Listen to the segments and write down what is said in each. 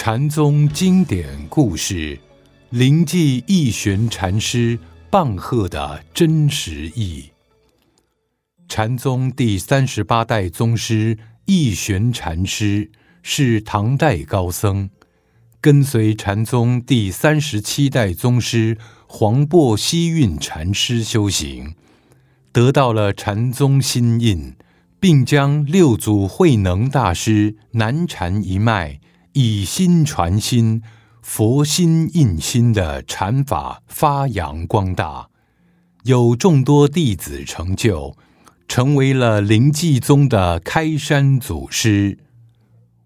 禪宗經典故事：臨濟義玄禪師棒喝的真實義。禪宗第三十八代宗師義玄禪師是唐代高僧，跟隨禪宗第三十七代宗師黃檗希運禪師修行，得到了禪宗心印，並將六祖慧能大師南禪一脈，以心傳心，佛心印心的禪法發揚光大，有眾多弟子成就，成為了臨濟宗的開山祖師。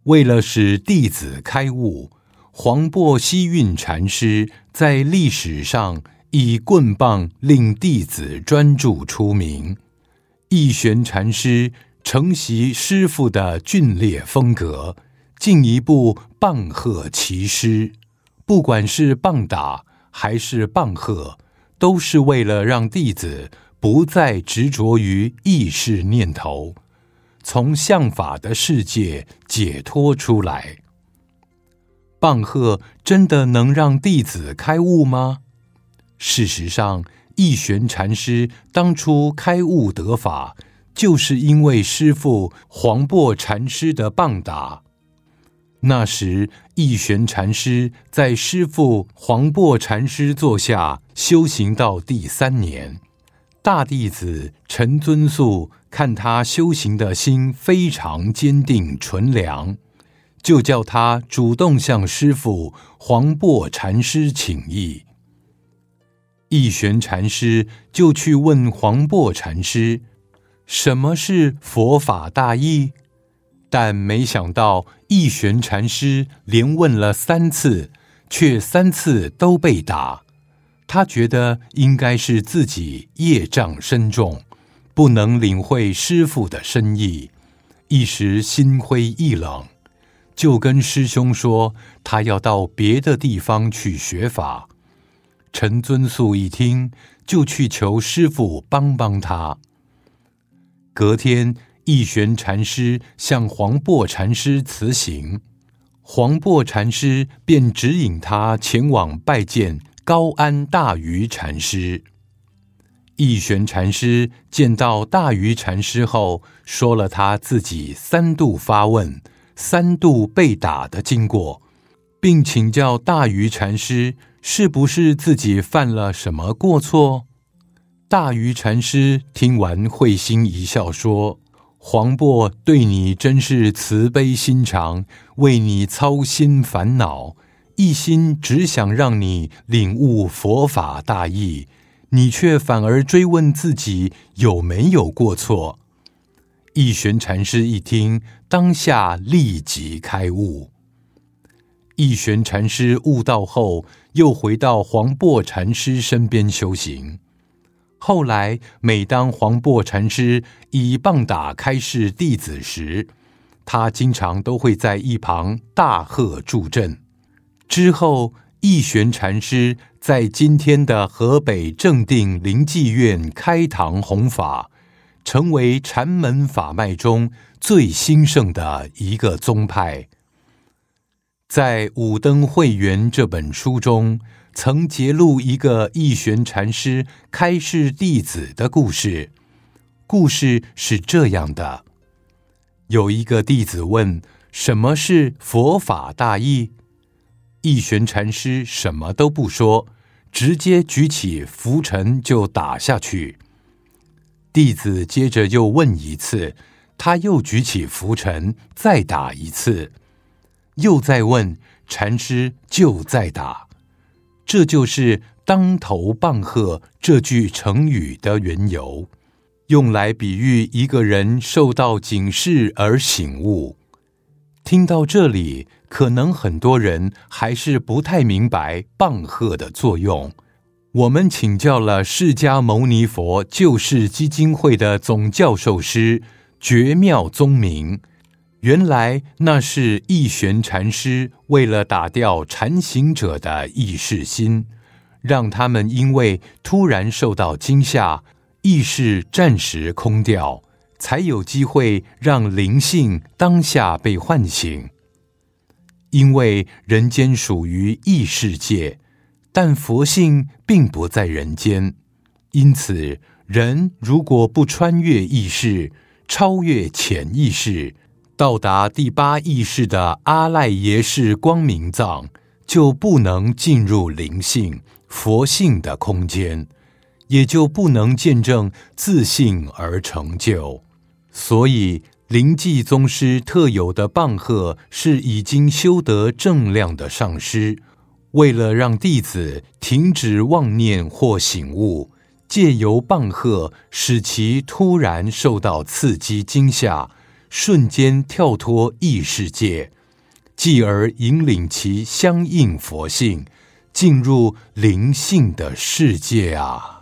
為了使弟子開悟，黃檗希運禪師在歷史上以棍棒令弟子專注出名。義玄禪師承襲師父的峻烈風格。進一步棒喝齊施，不管是棒打還是棒喝，都是為了讓弟子不再執着於意識念頭，從相法的世界解脫出來。棒喝真的能讓弟子開悟嗎？事實上，義玄禪師當初開悟得法，就是因為師父黃檗禪師的棒打。那時，義玄禪師在師父黃檗禪師座下修行到第三年，大弟子陳尊素看他修行的心非常堅定純良，就叫他主動向師父黃檗禪師請益。義玄禪師就去問黃檗禪師：“什麼是佛法大義？”但沒想到，義玄禪師連問了三次，卻三次都被打。他覺得應該是自己業障深重，不能領會師父的深意，一時心灰意冷，就跟師兄說他要到別的地方去學法。陳尊宿一聽，就去求師父幫幫他。隔天，義玄禪師向黃檗禪師辭行，黃檗禪師便指引他前往拜見高安大愚禪師。義玄禪師見到大愚禪師後，說了他自己三度發問、三度被打的經過，並請教大愚禪師是不是自己犯了什麼過錯。大愚禪師聽完會心一笑，說。黃檗對你真是慈悲心腸，為你操心煩惱，一心只想讓你領悟佛法大義，你卻反而追問自己有沒有過錯。義玄禪師一聽，當下立即開悟。義玄禪師悟道後，又回到黃檗禪師身邊修行。後來，每當黃檗禪師以棒打開示弟子時，他經常都會在一旁大喝助陣。之後，義玄禪師在今天的河北正定臨濟院開堂弘法，成為禪門法脈中最興盛的一個宗派。在《五燈會元》這本書中，曾揭露一個義玄禪師開示弟子的故事。故事是這樣的：有一個弟子問：“什麼是佛法大義？”義玄禪師什麼都不說，直接舉起拂塵就打下去。弟子接着又問一次，他又舉起拂塵再打一次，又再問，禪師就再打。這就是“當頭棒喝”這句成語的緣由，用來比喻一個人受到警示而醒悟。聽到這裡，可能很多人還是不太明白棒喝的作用。我們請教了釋迦牟尼佛救世基金會的總教授師，絕妙宗明。原來那是義玄禪師為了打掉禪行者的意識心，讓他們因為突然受到驚嚇，意識暫時空掉，才有機會讓靈性當下被喚醒。因為人間屬於異世界，但佛性並不在人間，因此人如果不穿越意識，超越潛意識。到達第八意識的阿賴耶識光明藏，就不能進入靈性佛性的空間，也就不能見證自信而成就。所以，臨濟宗師特有的棒喝，是已經修得正量的上師，為了讓弟子停止妄念或醒悟，借由棒喝使其突然受到刺激驚嚇。瞬間跳脫意識界，繼而引領其相應佛性進入靈性的世界啊。